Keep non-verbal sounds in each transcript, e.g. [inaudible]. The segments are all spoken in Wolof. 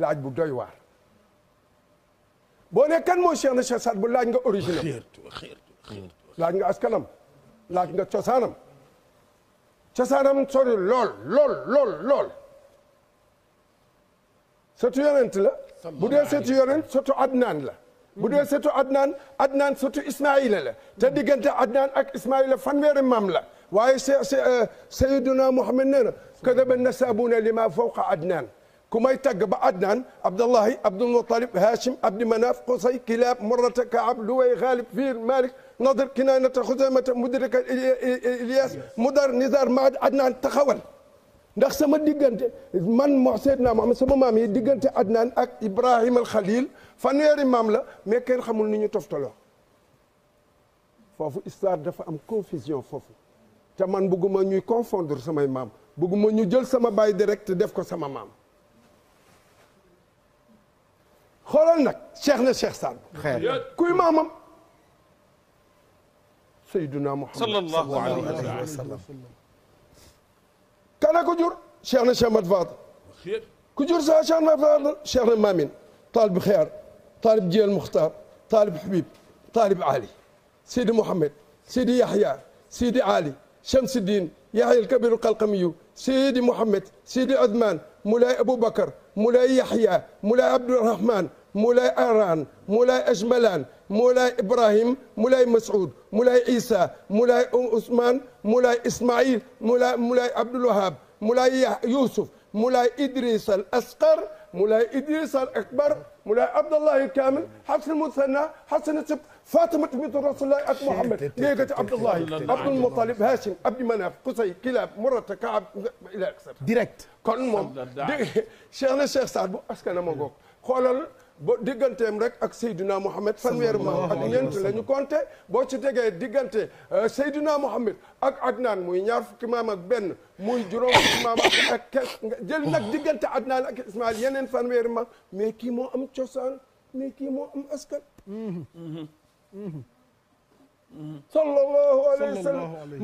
laaj bu doy waar boo ne kan mooy Cheikh na Cheikh Saad bu laaj nga original laaj nga askanam laaj nga cosaanam cosaanam sori lol, lol. lool lool sëtu yonent la bu dee sëtu yonent sëtu Adnaan la bu dee sëtu Adnan Adnaan sëtu Ismaïla la te diggante Adnaan ak Ismaïla fanweeri maam la واي آه، سيدنا محمد كذب النسابون لما فوق عدنان كما يتقب عدنان عبد الله عبد المطلب هاشم عبد مناف قصي كلاب مرة كعب لوي غالب فير مالك نظر كنانة خزيمة مدرك الياس مدر نزار معد عدنان تخول ndax sama digënté man mo sédna mo sama mam yi digënté adnan ak ibrahim al khalil fan yori mam la mais ken xamul ni ñu toftalo fofu histoire dafa am confusion fofu te man bëgguma ñuy confondre samay maam bëgguma ñu jël sama baay direct def ko sama maam xoolal nag cheikh na cheikh Saad kuy maamam sayyiduna Muhammad sallallahu alayhi wa sallam kana ko jur cheikh na cheikh Mat Fadal ku jur sa cheikh na Fadal cheikh na Mamin taalib Xiyar taalib Jiyal Muxtaar taalib Habib taalib Ali Sidi Mouhamed Sidi Yahya Sidi Ali شمس الدين يحيى الكبير القلقمي سيدي محمد سيدي عثمان مولاي أبو بكر مولاي يحيى مولاي عبد الرحمن مولاي أران مولاي أجملان مولاي إبراهيم مولاي مسعود مولاي عيسى مولاي عثمان مولاي إسماعيل مولاي, مولاي عبد الوهاب مولاي يوسف مولاي إدريس الأسقر مولاي ادريس الاكبر مولاي عبد الله الكامل حسن المثنى حسن السب فاطمه بنت رسول الله ات محمد ليقة عبد الله عبد المطلب هاشم عبد مناف قصي كلاب مرت كعب الى اكثر ديريكت كون موم شيخنا الشيخ سعد بو اسكن ما خولال boo digganteem rek ak Seydina Mohamed fanweeri maam ak ñeent la ñu boo ci tegee diggante euh, Seydina Mohamed ak Adnan muy ñaar fukki maam ak benn muy juróom fukki maam ak kes nga nag oh. diggante Adnan ak Ismaïl yeneen fanweeri maam mais kii moo am cosaan mais kii moo am askan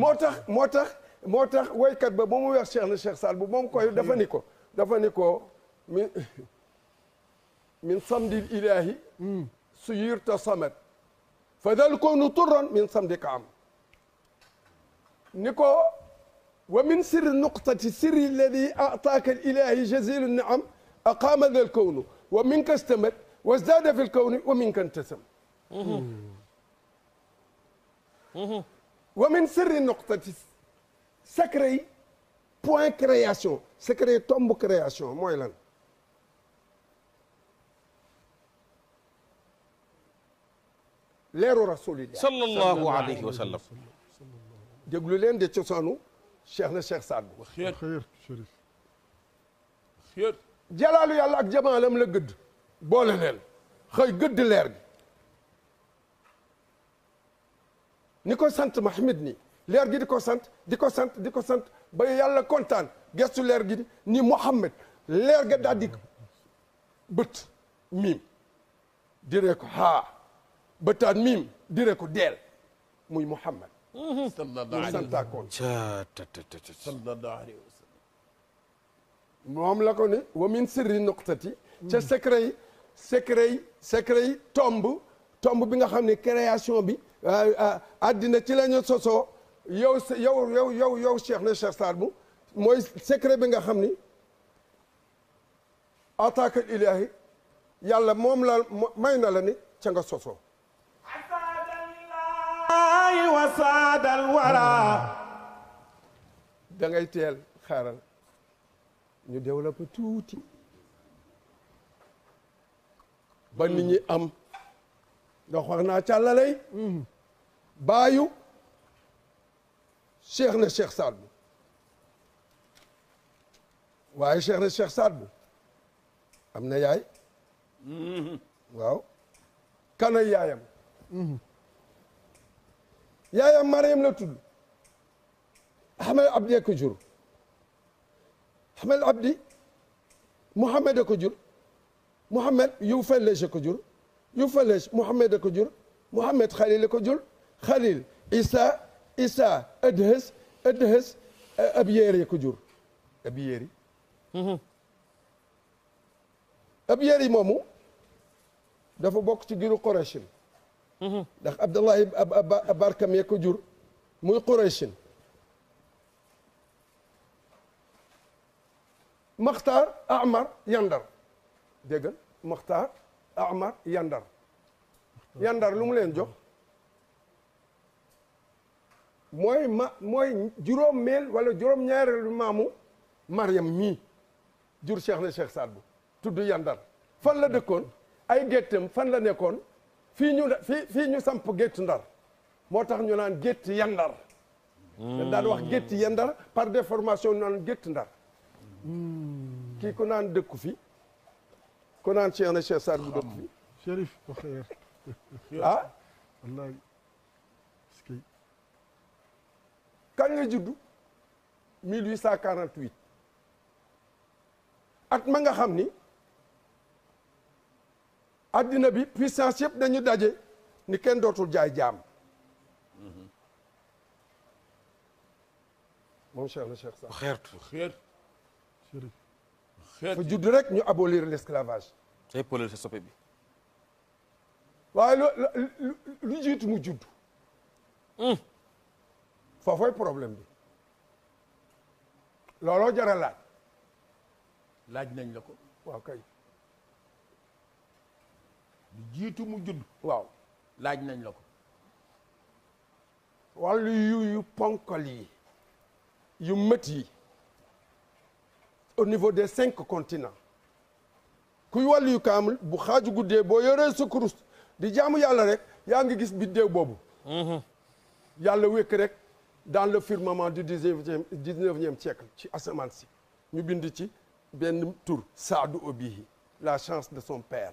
moo tax moo tax moo tax woykat ba ba mu weex Cheikh na Cheikh Saal bu moom koy dafa ni ko dafa ko من صمد الإله سيرت صمد فذا الكون طرا من صمدك عم نكو ومن سر نقطة السر الذي أعطاك الإله جزيل النعم أقام ذا الكون ومنك استمد وازداد في الكون ومنك انتسم ومن سر نقطة سكري بوان كرياسيون سكري تومب كرياسيون مويلان leeru rasulillah sallallahu alayhi wa sallam déglu leen de cosaanu cheikh na cheikh Sadbou xeer chérif xeer jalaalu yàlla ak jamaalam la gëdd boole leen xëy gëdd leer gi ni ko sant Mahmoud ni leer gi di ko sant di ko sant di ko sant ba yàlla kontaan gestu leer gi ni Mouhamed leer ga daal di bët miim diree ko haa ba taan miim dire ko deel muy mu mhm. sallallahu alayhi wa sallam santaakoon moom la ko ne wa min sirri nuqtati ca mhm. secret yi secret yi tomb tomb bi nga xam ni création bi addina euh, euh, ci la ñu sosoo yow yow yow yow yow Cheikh na Cheikh Sadbou mooy secret bi nga xam ni ataakal ilaahi yàlla moom la may na la ni ca nga sosoo saadal wara da ngay teel xaaral ñu développé tuuti ba nit ñi am ndax wax naa càllalay mm-hmm. baayu cheikh na cheikh Saad Bou waaye cheikh na cheikh Saad Bou am na yaay mm-hmm. waaw kana yaayam mm-hmm. يا يا مريم لو تدو احمد عبدي كجور احمد عبدي محمد كجور محمد يوفلش كجور يوفلش محمد كجور محمد خليل كجور خليل عيسى عيسى ادهس ادهس ابييري كجور ابييري ابييري مامو دا فا بوك سي غيرو قريشي Mm-hmm. ndax Abdullahi barkam ya ko jur muy Qurayshin Maxtaar Amar Yandar dégg nga Maxtaar Amar Yandar Yandar lu mu leen jox mooy ma mooy juróom meel wala juróom ñaareelu maamu Mariam mii jur Cheikh na Cheikh Saad Bou tudd Yandar fan la dëkkoon ay géttam fan la nekkoon fii ñu fii ñu samp gétt ndar moo tax ñu naan gétt yandar hmm. dañ daan wax gétt yandar par déformation ñu naan gétt ndar hmm. kii ku naan dëkku fi ku naan Cheikh na Cheikh Sarr bu dëkku fi Chérif [laughs] ah wallaay kañ nga judd 1848 at ma nga xam ni addina bi puissance yep dañu daje ni ken dotul jaay jaam Mon cher le Cheikh sax xeertu xeer fa judd rek ñu abolir l'esclavage pour pour le sopé bi waay lu lu mu hmm. problème bi laaj laaj nañ ko kay jiitu mu judd waaw laaj nañ la ko wàllu yu yu ponkal yi yu mët yi au niveau des cinq continents kuy wàllu yu kaamul bu xaaju guddee boo yoree sa kurus di jaamu yàlla rek yaa ngi gis biddéew boobu mm-hmm. yàlla wékk rek dans le firmament du dix-neuvième dix-neuvième ci asamaan si ñu bind ci benn tur saadu obihi la chance de son père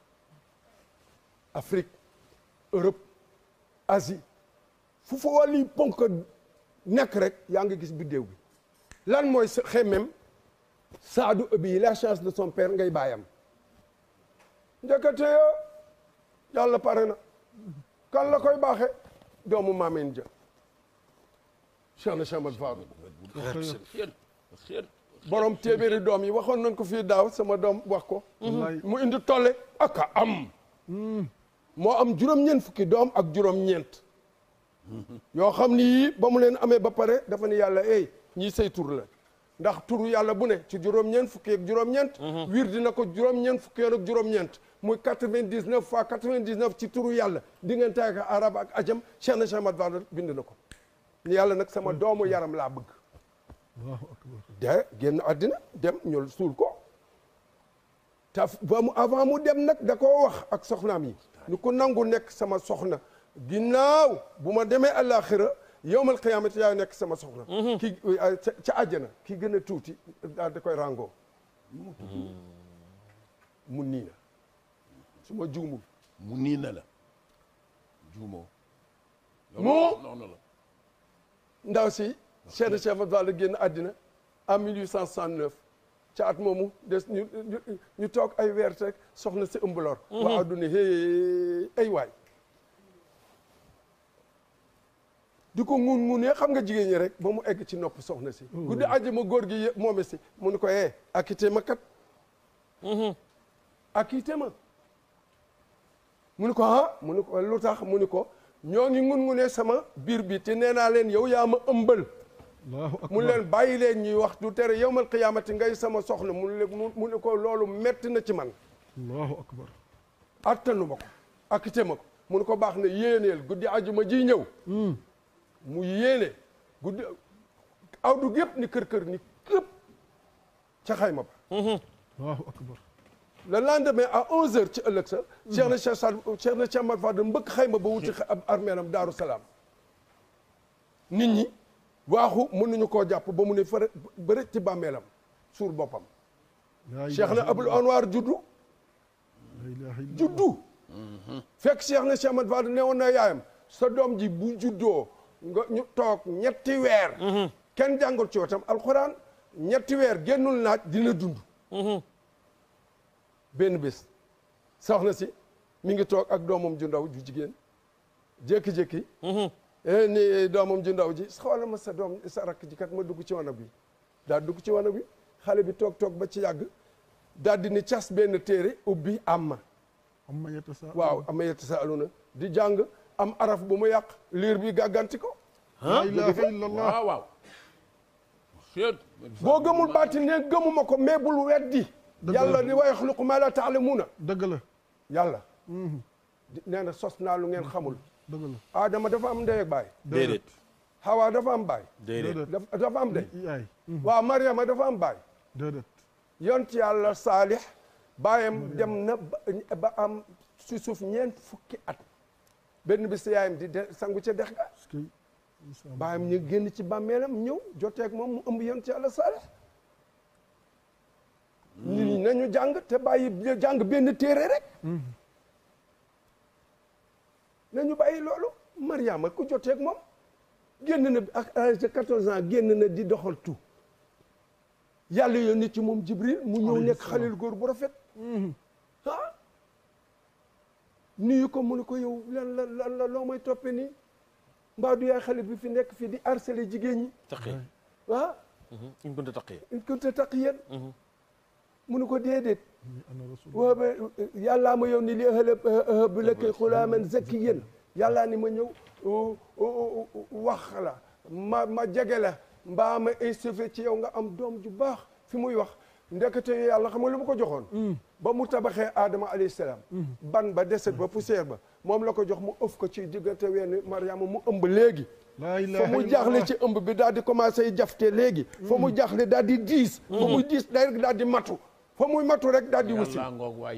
Afrique Europe Asie fu fa wàllu ponk nekk rek yaa ngi gis biddéew bi lan mooy xemem saadu obéit la chance de son père ngay baayam njëkkate yoo yàlla pare na kan la koy baaxe doomu maameen ja Cheikhna Cheikh doom yi waxoon nañ ko fii daaw sama doom wax ko mu indi tolle aka am hmm. moo am juróom-ñeent fukki doom ak juróom-ñeent yoo xam ni yii ba mu leen amee ba pare dafa ni yàlla ey ñii say tur la ndax tur yàlla bu ne ci juróom-ñeent fukki ak juróom-ñeent mhm. wiir dina ko juróom-ñeent fukki yoon ak juróom-ñeent muy quatre-vingt-dix-neuf fois quatre-vingt-dix-neuf ci turu yàlla diggante ak arab ak ajam Cheikh na Cheikh Ahmad Bamba bind na ko ni yàlla nag sama doomu yaram laa bëgg de génn àddina dem ñol suul ko ta ba mu avant mu dem nag da koo wax ak soxnaam yi ni ku nangu nekk sama soxna ginnaaw bu ma demee àllaaxira yowmal qiyaamati yaa nekk sama soxna mhm. ki ca àjjana ki gën a tuuti daal da koy ràngoo mhm. mu nii na su ma juumul mu nii la juumoo mu noonu la ndaw si Cheikh Cheikh Abdou Fall génn àddina en 1869 ca at moomu des ñu toog ay weer rek soxna si ëmb lor. Mhm. waa adduna hey ay waay. di ko ngun ngunee xam nga jigéen ñi rek ba mu egg ci nopp soxna si. Mhm. guddi aji ma góor gi moome si mu ni ko eh akité ma kat. Mhm. akité ma. mu ko ah mu ni ko lu tax mu ni ko ñoo ngi ngun ngunee sama biir bi te nee naa leen yow yaa ma ëmbal. الله اكبر مول لن باي لي ني واخ دو تير يوم القيامه غاي سما سخنا مول لك مول كو لولو مت نتي مان الله اكبر اتنو مكو اكتي مكو مول كو باخ ني يينل غودي اديما جي نييو ام مو يينل غودي اودو غيب ني كير كير ني كيب تي خايما با الله اكبر le lendemain à 11h ci ëlëk sa cheikh na cheikh sal cheikh na cheikh mat fadou mbëk xayma ba wuti armée daru salam nit ñi waaxu mënuñu koo jàpp ba mu ne fëre bëri ci bàmmeelam suur boppam cheikh na abul anwar juddu juddu fekk cheikh na cheikh mat fad ne woon na yaayam sa doom ji bu juddoo nga ñu toog ñetti weer mhm. kenn jàngul ci wetam alxuraan ñetti weer génnul naaj dina dund mhm. benn bés soxna si mi ngi toog ak doomam ju ndaw ju jigéen jékki-jékki mhm. Eh, ni doomam ji ndaw ji xoolal ma sa doom sa rakk ji kat ma dugg ci wanag bi daa dugg ci wanag bi xale bi toog toog ba ci yàgg daal di ni cas benn téere ubbi am ma waaw ama yetta sa aluna di jàng am araf bu mu yàq liir bi gàgganti ko la ilaha illallah waaw waaw boo gëmul baati ne gëmuma ko mais bul weddi yàlla ni wa yaxluqu ma la taalamuuna dëgg la yàlla mm-hmm. nee sos naa lu ngeen xamul dëgg Adama dafa am ndey ak baay. déedéet Hawa dafa am baay. déedéet dafa am ndey. yaay mm-hmm. dafa am baay. déedéet yonent yàlla Saalix. baayam dem na ba am si suuf ñeent fukki at. benn bi si yaayam di sangu ca dex ga. baayam ñu génn ci bàmmeelam ñëw joteeg moom mu ëmb yonent yàlla Saalix. Mm-hmm. nit ñi nañu jàng te bàyyi jàng benn téere rek. Mm-hmm. na ñu bàyyi loolu Mariama ku joteeg moom génn na ak âge de génn na di doxal tout yàlla yónni ci moom Jibril mu ñëw nekk xalil góor bu rafet ah nuyu ko mu ne ko yow lan la lan la loo may toppe nii mbaa du yaay xale bi fi nekk fii di harceler jigéen ñi taqi ah in kunta taqiyan in kunta taqiyan hmm. ko déedéet waaw yàllaa ma yow ni li bi lëkki xulaaman zakiyan yàllaa ni ma ñëw wax la ma ma jege la mbaa ma insufflé ci yow nga am doom ju baax fi muy wax ndekete yàlla xam nga lu mu ko joxoon mm. ba mu tabaxee aadama alayhi salaam mm. ban ba deset ba poussière ba moom la ko jox mu ëf ko ci diggante wenn mariama mu ëmb léegi fa mu jaaxle ci ëmb bi daal di commencé jafte léegi fa mu mm. jaaxle daal di diis fa mu diis day rek matu fa muy matu rek daal di wusi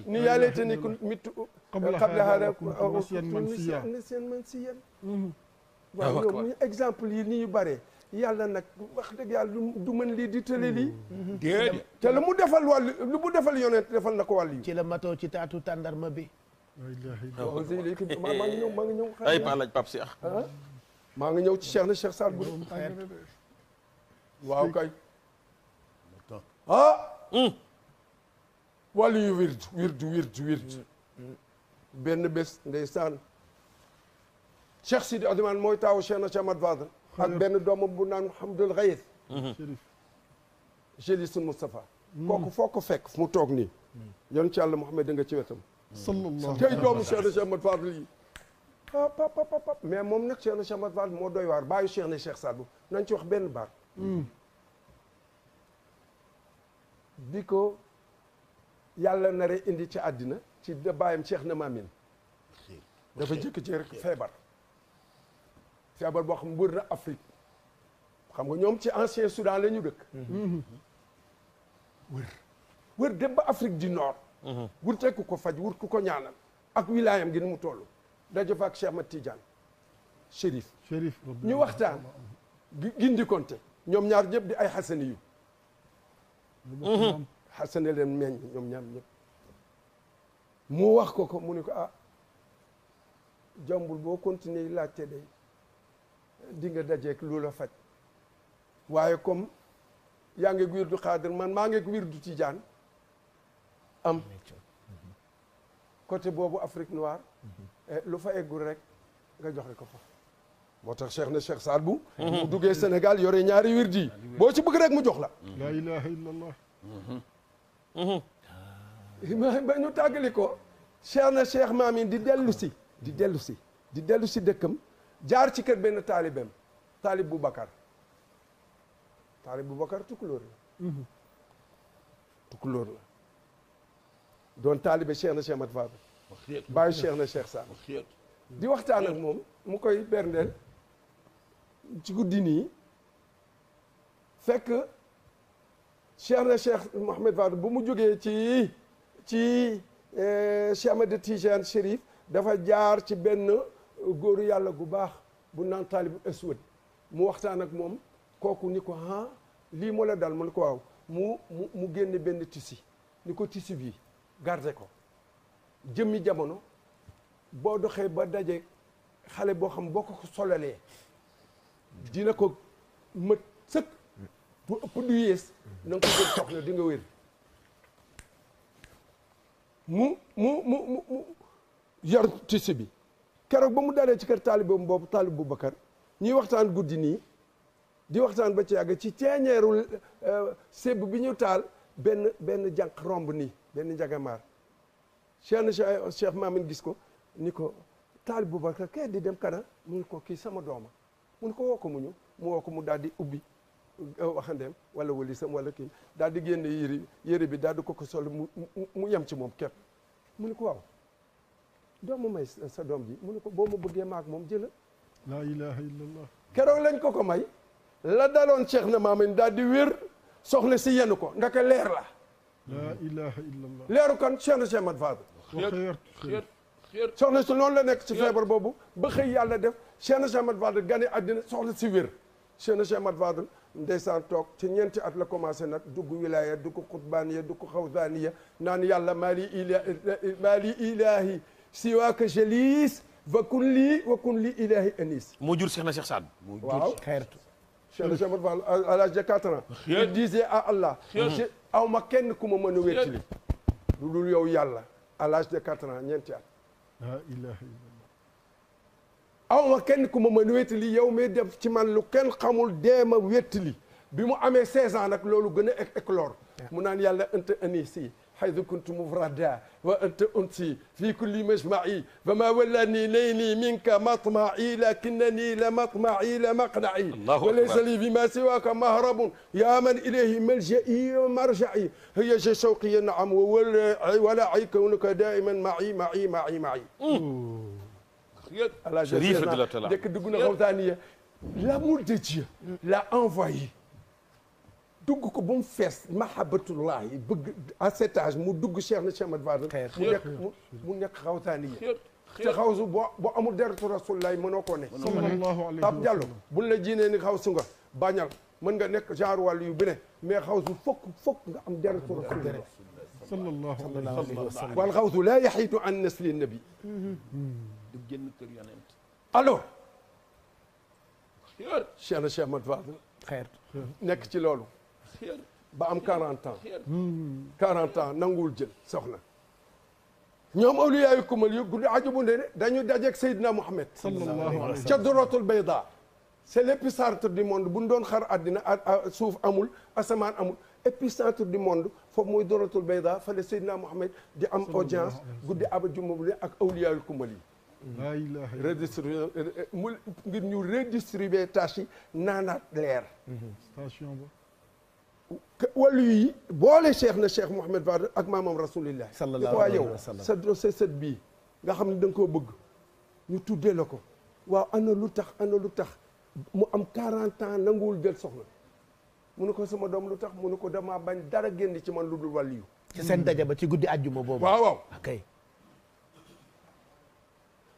ni yale te ni mitu qabla hada nisyan man siyan waaw yow muy exemple yi ni yu bare yàlla nag wax dëgg yàlla du mën lii di tële lii mm-hmm. te lu mu defal wàllu lu mu defal yonent defal na ko wàllu yi ci la matoo ci taatu tàndarma bi maa ngi ñëw ay pa laaj pap si ah, ah maa ci cheikh na cheikh Saad waaw kay ah mm. wàllu yu wirdu wirdu wirdu wirdu benn bés ndeysaan Cheikh Sidi Ousmane mooy taawu Cheikh na Chamad Fadal ak benn doomam bu naan Mouhamadul Ghayes jëli sun Moustapha kooku foo ko fekk mu toog nii yoon ci Yàlla Mouhamed da nga ci wetam sallallahu tey doomu Cheikh na Chamad Fadal yi papapapap mais moom nag Cheikh na Chamad Fadal moo doy waar bàyyi Cheikh na Cheikh Sadou nañ ci wax benn baat bi ko yàlla nare indi ci àddina ci da bàyyam na maamin dafa jëkk ci rek feebar feebar boo xam ne wër na Afrique xam nga ñoom ci ancien Soudan la ñu dëkk mhm. wër wër dem ba Afrique du Nord mhm. wurte ku ko faj wur ku ko ñaanal ak wilaayam gi ni mu toll dajo fa ak Cheikh Mat Tidiane Chérif ñu waxtaan gindi konte ñoom ñaar ñëpp di ay xasani yu mhm. xasane leen meññ ñoom ñaam ñëpp mu wax ko ko mu ni ko a ah, jombul boo continue laajte day di nga dajeeg lu la faj waaye comme yaa ngi wirdu xaadir man maa ngi wirdu tijaan am côté boobu Afrique noire eh, lu fa eggul rek nga jox ko fa moo tax Cheikh ne Cheikh Saad Bou mu duggee Sénégal yore ñaari wirdi boo ci bëgg rek mu jox la ba ñu tàggali ko cheikh na cheikh maamin di dellusi di dellusi di dellu si dëkkam jaar ci kër benn taalibeem taalib bu bakar taalib bu bakar tukulóor la mhm. tukulóor la doon taalibe cheikh na cheikh mat faba bàyyi cheikh na cheikh saam di waxtaan ak moom mu koy berndeel ci guddi nii fekk cheikh na cheikh Mouhamed Fadel bu mu jógee ci ci eh, Cheikh Ahmed Tidiane Chérif dafa jaar ci benn góoru yàlla gu baax bu naan taalib aswad mu waxtaan ak moom kooku ni ko ah lii moo la dal mu ko waaw mu mu mu génne benn tissu ni ko tissu bii garde ko jëmmi jamono boo doxee ba daje xale boo xam boo ko solalee dina ko mët sëkk mu ëpp du yées na ko jël soxla di nga wér mu mu mu mu yor tissu bi keroog ba mu dalee ci kër taaliboom boobu taalib bu Bakar ñuy waxtaan guddi nii di waxtaan ba ci yàgg ci ceeñeeru euh, sébb bi ñu taal benn benn jànq romb nii benn njagamaar cheikh na euh, cheikh Maamin gis ko ni ko taalib bu Bakar di dem kana mu ni ko kii sama dooma mun ni ko woo ko mu ñëw mu woo ko mu daal di ubbi waxandeem wala wëlisam wala kii daal di génne yére yére bi daal di ko ko sol mu mu yem ci moom képp mu ne ko waaw doo ma may sa doom ji mu ne ko boo ma bëggee maak moom jëla laa ilaha illallah keroog lañ ko ko may la daloon Cheikh na Maamine daal di wér soxla si yenn ko ndaka leer la laa ilaha illallah leeru kan Cheikh na Cheikh Mat Fadel soxna si noonu la nekk ci feebar boobu ba xëy yàlla def Cheikh na Cheikh Mat Fadel gane àddina soxla si wér Cheikh na Cheikh Mat Fadel ndeysaan toog ci ñeenti at la commencé nag dugg wilaaya dugg xutbaaniya dugg xawdaaniya naan yàlla ma ila maali ilaahi siwaaka jaliis kun lii wa anis moo jur Cheikh na Cheikh Saad moo jur xeertu Cheikh à l'âge Allah aw ma kenn ku ma mën a wettali yow yàlla à l'âge de la ilaha illa أو ma kenn ku ma mën wéttali yow mais def ci man lu kenn xamul deema wéttali bi mu amee 16 ans nag loolu gën éclore mu naan yàlla حيث كنت مفردا وانت انسي في كل مجمعي فما ولاني ليلي منك مطمعي لكنني لمطمعي لمقنعي الله وليس لي بما سواك مهرب يا من اليه ملجئي ومرجعي هي شوقي نعم ولا ولا كونك دائما معي معي معي معي allah njëkk dugg na xawtaaniya l'amour de Dieu l'a envoyé dugg ko ba mu fees mahabatullahi bëgg à cet âge mu dugg Cheikh na Cheikh Ahmad Fadal mu nekk mu nekk xawtaaniya te xawsu boo boo amul deretu rasulillahi mënoo koo ne Pape Diallo buñ la jiinee ni xawsu nga bañal mën nga nekk genre wàllu yu bi ne mais xawsu fokk fokk nga am deretu rasulillah sallallahu alayhi wa sallam wal xawsu laa yaxiitu an nasli nabi mm-hmm. du génn kër yonent alors Cheikh na Cheikh Ahmad Fadel xeer nekk ci loolu ba am 40 ans 40 ans nanguwul jël soxna ñoom awliyaayu kumal yu guddi aju bu ne dañu dajeeg Seydina Mouhamed ca dorotul bayda c' est l' épicentre du monde bu ñu doon xar àddina suuf amul asamaan amul épicentre du monde foofu mooy dorotul bayda fale Seydina Mouhamed di am audience guddi aba juma bu ne ak awliyaayu kumal yi redistribuer euh, mu ngir ñu redistribuer tâche yi naanaat leer mhm. station ba wàllu boole cheikh na cheikh Mouhamed Wade ak maamam rasulillah sallallahu alayhi wa sallam sa set bii nga xam ne danga nga koo bëgg ñu tuddee la ko waaw ana lu tax ana lu tax mu am 40 ans nanguwul jël soxna mu ne ko sama doom lu tax mu ne ko dama bañ dara génn ci man lu dul wàllu yu ci seen daje ba ci guddi àjjuma boobu waaw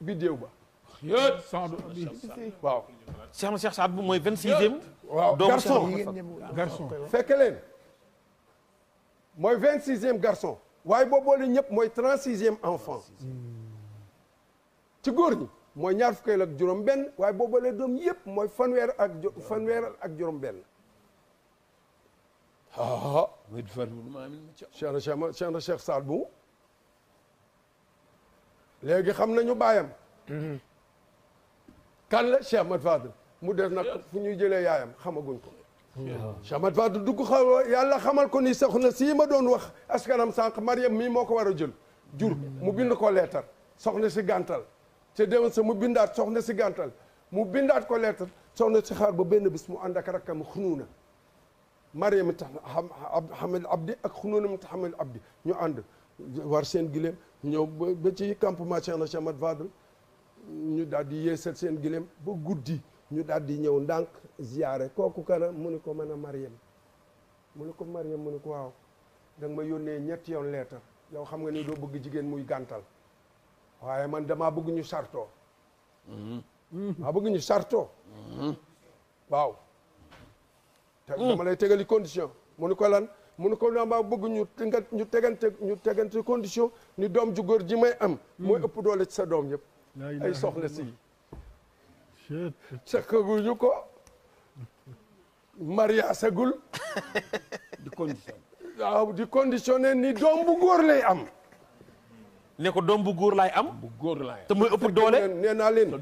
biddeew ba. yéen Sandou waaw. Cheikh Cheikh Saad bu 26e. waaw garçon garçon fekk leen moy 26e garçon. waaye bobo boole ñëpp mooy 36e enfant. ci góor moy ñaar fukay lak juróom ben waaye boo boole doom yëpp mooy fanweer ak fanwer ak juróom-benn. ah ah. ah. Cheikh Cheikh Cheikh Saad bu. léegi xam nañu baayam mhm. kan la Cheikh Ahmad Fadel mu des nag fu ñuy jëlee yaayam xamaguñ ko Cheikh Ahmad Fadel dugg xaw yàlla xamal ko ni soxna sii ma doon wax askanam sànq Mariam mii moo ko war a jël jur mu bind ko leetar soxna si gàntal te déwén sa mu bindaat na si gàntal mu bindaat ko leetar na si xaar ba benn bis mu ànd ak mu xunuuna Mariam tax Hamid Abdi ak xunuuna mu tax Hamid Abdi ñu ànd war seen gileem ñëw ba ci campement Cheikh na Chamat Vadre ñu daal di yeesal seen gileem ba guddi ñu daal di ñëw ndànk ziyaare kooku kana mu ni ko mën a Mariam mu ni ko Mariam mu ni ko waaw danga ma yónnee ñetti yoon leetar yow xam nga ni doo bëgg jigéen muy gàntal waaye man dama bëgg ñu sartoo mm-hmm. maa bëgg ñu sartoo mm-hmm. waaw te mm. dama lay tegali condition mu ni ko lan mu ne ko dama bëgg ñu nga ñu tegante ñu tegante condition ni doom ju góor ji may am mooy doole ci sa doom yëpp ay soxla si sakaguñu ko maria sagul [laughs] di condition waaw di doom bu góor lay am ne doom bu góor laay am bu góor laay te muy ëpp doole nee naa leen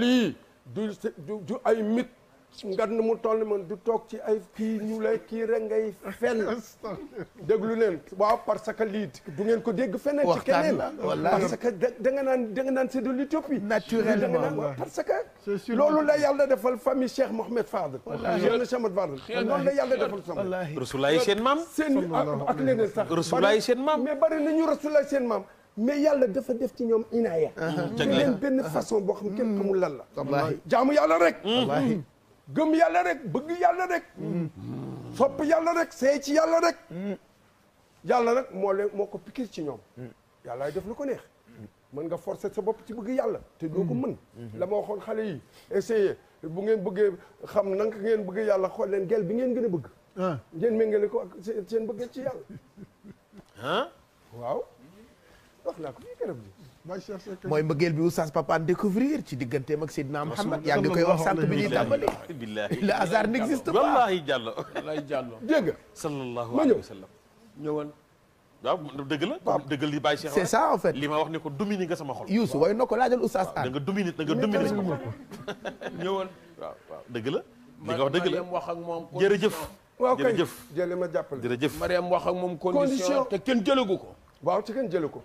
lii du du ay mit ngan mu toll man du toog ci ay kii ñu lay kii rek ngay fenn déglu leen waaw parce que lii du ngeen ko dégg feneen ci keneen parce que da nga naan da nga naan c'est de l'utopie naturellement parce que loolu la yàlla defal famille Cheikh Mohamed Fadel yéen Cheikh Fadel loolu la yàlla defal sama rasulaay seen maam seen ah, ak leneen sax rasulaay seen maam mais bari nañu rasulaay seen maam mais yàlla dafa def ci ñoom inaaya di leen benn façon boo xam kenn xamul lan la jaamu yàlla rek gëm yàlla rek bëgg yàlla rek sopp yàlla rek seey ci yàlla rek yàlla nag moole moo ko pikir ci ñoom yàllaay def lu ko neex mën nga forcer sa bopp ci bëgg yàlla te doo ko mën la moo waxoon xale yi essayer bu ngeen bëggee xam nanka ngeen bëgg yàlla xool leen gel bi ngeen gën a bëgg ah. ngeen méngale ko ak seen bëggeel ci yàlla ah. waaw wax naa ko fii garab gi mooy mbëggeel bi oustaz Papaan découvrir ci digganteem ak Seydina Muhammad yaa ngi koy wax sant bi ñuy tàmbali billahi le hasard n'existe pas wallahi jàllo wallahi jàllo dégg nga dëgg li Baye Cheikh c'est li ma wax ne ko dominer nga sama xol Youssou way na ko laajal oustaz an da nga dominer da nga dominer sama xol ñëwoon waaw waaw dëgg la li nga wax dëgg la wax ak moom jërëjëf waaw kay jërëjëf jële ma jàppale jërëjëf Mariam wax ak moom condition te kenn jëlagu ko waaw te kenn ko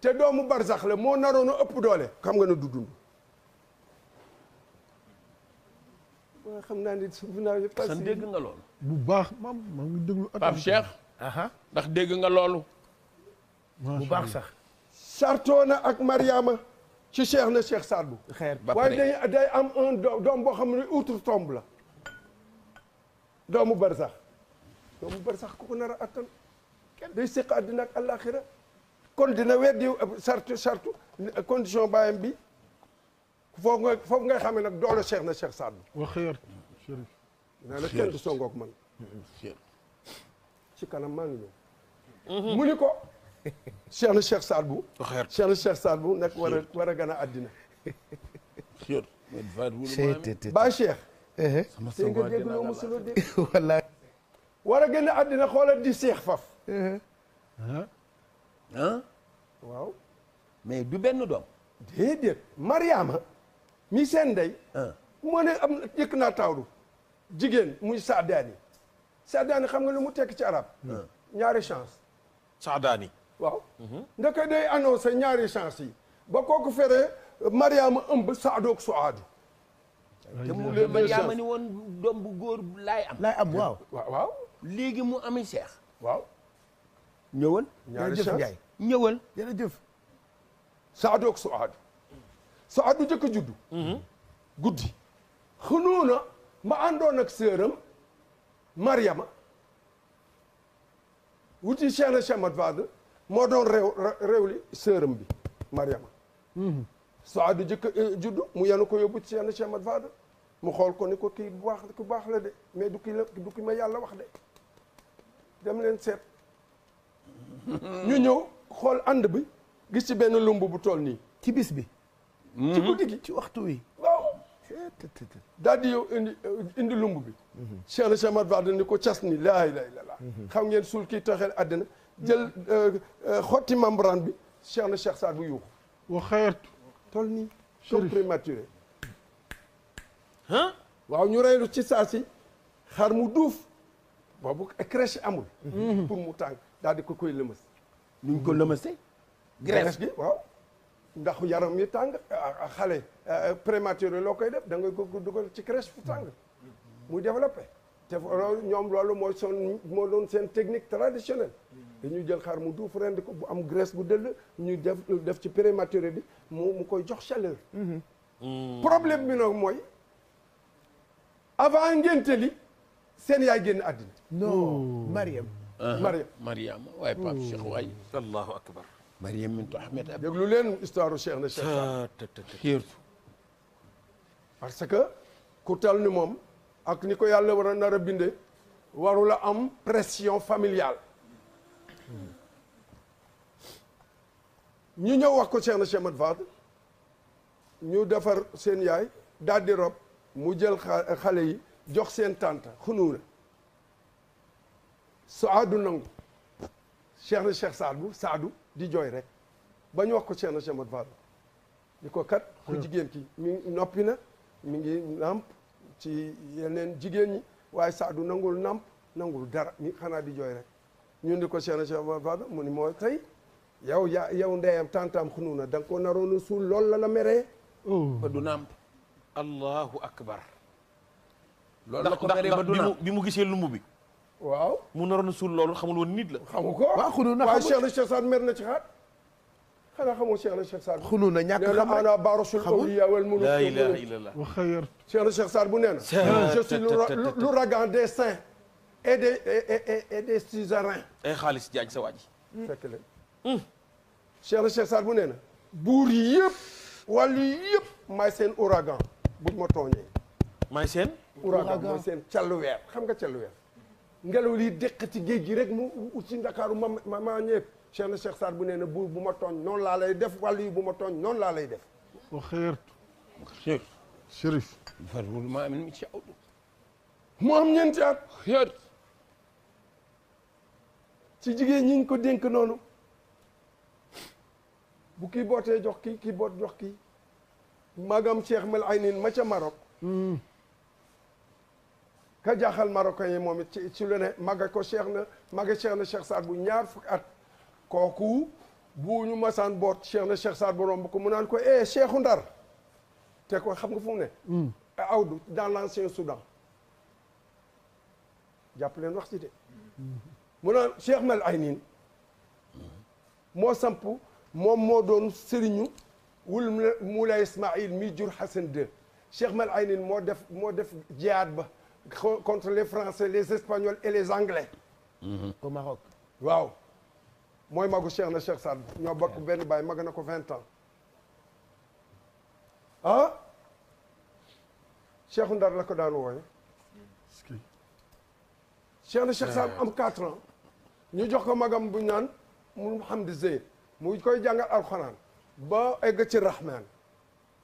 te doomu barsax la moo naroon a ëpp doole xam nga ne du dund waa xam naa ni suuf naa yëpp san dégg nga loolu bu baax maam maa ngi déglu Pape Cheikh ndax dégg nga loolu bu baax sax sartoo na ak mariyama ci Cheikh na Cheikh Sadbu waaye day day am doom boo xam ne outre-tombe la doomu barsax doomu barsax ku ko nar a attan day séq àddina ak àllaaxira kon dina weddi sartu sartu condition bàyyam bi foofu nga foofu ngay xamee nag doole Cheikh na Cheikh Saad Bou. wax dëgg Chérif. naa la kenn du songoog man. ci kanam maa ngi ñëw. mu ni ko. Cheikh na Cheikh Saad Bou. wax dëgg Cheikh na Cheikh Saad Bou nag war a war a gën a àddina. Cheikh. ba Cheikh. sama songoog dina la la la wala. war a gën a àddina xoolal di Cheikh faf. ah waaw mais du benn doom déedéet mariama mi seen ndey moo ne am yëkk naa tawlu jigéen muy saadaani saadaani xam nga lu mu tekk ci arab chance saadaani waaw mhm. ndaka day annoncé ñaari chance yi ba kooku fere mariama ëmb saadoog suaadu te mu mariama ni woon doom bu góor laay am laay am waaw waaw mu ami waaw ñëwal. ñaari chef jërëjëf Ndiaye ñëwal. jërëjëf. Saadu ak jëkk a juddu. Mhm. guddi. xënoo na ma àndoon ak sëram mariyama wuti Cheikh na Cheikh moo doon réew réew li sëram bi Mariama. Mhm. Saadu njëkk jëkk eh, juddu mu yanu ko yóbbu Cheikh na Cheikh Mat mu xool ko ni ko kii bu baax ku baax la de mais du kii la ma yàlla wax de dem seet. ñu ñëw xool ànd bi gis ci benn lumb bu toll nii. ci bis bi. Mm-hmm. ci guddi gi ci waxtu wi. waaw. yow indi euh, indi lumb bi. Mm-hmm. Cheikh na Cheikh Mat Varda ni ko cas ni laa ilaaha illallaah. Mm-hmm. xam ngeen suul kii taxel àddina jël euh, euh, xotti membrane bi Cheikh na Cheikh Saad bu yuuxu. wa xayartu. toll nii. comme prématuré. ah. waaw ñu reylu ci saa si xar mu duuf boobu crèche amul. pour mu tànk. daal di ko koy lëmës. ñu ko lëmësee. graisse gi waaw. ndax yaram yi tàng ah, ah, xale ah, prématuré loo koy def da ngay ko dugal ci crèche fu tàng muy développé te ñoom loolu mooy son moo doon seen technique traditionnelle dañuy jël xar mu duuf rend ko bu am graisse bu dëll ñu def def ci prématuré bi mu mu koy jox chaleur mm-hmm. mm. problème bi nag mooy avant ngénte li seen yaay génn àddina non oh. مريم مريم واي باب شيخ واي الله اكبر مريم بنت احمد ابي يقولوا لين استعاروا شيخنا الشيخ كيرتو parce que ni موم اك نيكو يالله ورا نارا بيندي وارو لا ام بريسيون فاميليال ني نيو واخو شيخنا شيخ احمد فاض ني دافر سين ياي دادي روب مو جيل خالي جوخ سين تانتا خنونا Saadu nangu cheikh na cheikh Saadu Saadu di jooy rek ba ñu wax ko cheikh na cheikh Modou Fadal ko kat hmm. jigéen ki mi noppi na mi ngi nàmp ci yeneen jigéen waaye Saadu nangul nàmp nangul dara mi di jooy rek ñun di ko cheikh na cheikh mu ni moo tey yow yaa yow ndeyam tantam xunu na da ko naroon suul lool la la meree oh. ba du nàmp allahu akbar loolu ko meree ba du nàmp bi mu gisee lumb bi waaw mu naroon a suul loolu xamul woon nit la. xamu ko waaw xunu na xamul waaye Cheikh na Cheikh Saad mer na ci xaat. xanaa xamoo Cheikh na Cheikh Saad. xunu na a xam ne la baarasul awliya wal muluk. bu nee na. je suis des saints et des et des eh, xaalis jaaj sa waa ji. fekk leen. na hmm. Cheikh Saad bu nee na. buur yëpp. wàllu yëpp. maay seen ouragan buñ ma tooñee. maay seen. ouragan mooy seen callu weer xam nga callu ngelaw lii dëkk ci géej gi rek mu ut si ndakaaru ma ma ñëpp Cheikh na Cheikh Sarr bu nee na buur bu ma tooñ noonu laa lay def wàll yi bu ma tooñ noonu laa lay def wa xeertu xeer Chérif ci awdu am ñeenti at xeer jigéen ñi ngi ko dénk noonu bu kii bootee jox kii kii boot jox kii magam Cheikh Mel Aynin ma ca Maroc hmm. كجاخل ماروكاني مومي تي تي لوني ماغا كو شيخنا ماغا شيخنا شيخ كوكو بو ني مسان بوت شيخنا شيخ صار بو رومبو كو مونان اي شيخو ندار تي كو خمغ فوم ني اودو دان لانسيون سودان جابلين وقت دي مونان شيخ مال عينين مو سامبو مو مو دون سرينو ول مولاي اسماعيل ميجور حسن 2 شيخ مال عينين مو ديف مو ديف جياد با contre les Français les Espagnols et les Anglais. Mhm. au Maroc. suis ma Cheikh na Cheikh bokk de a 20 ans Hein? Cheikh Ndar la Cheikh Cheikh ans Nous, jox ko magam bu ñaan je Rahman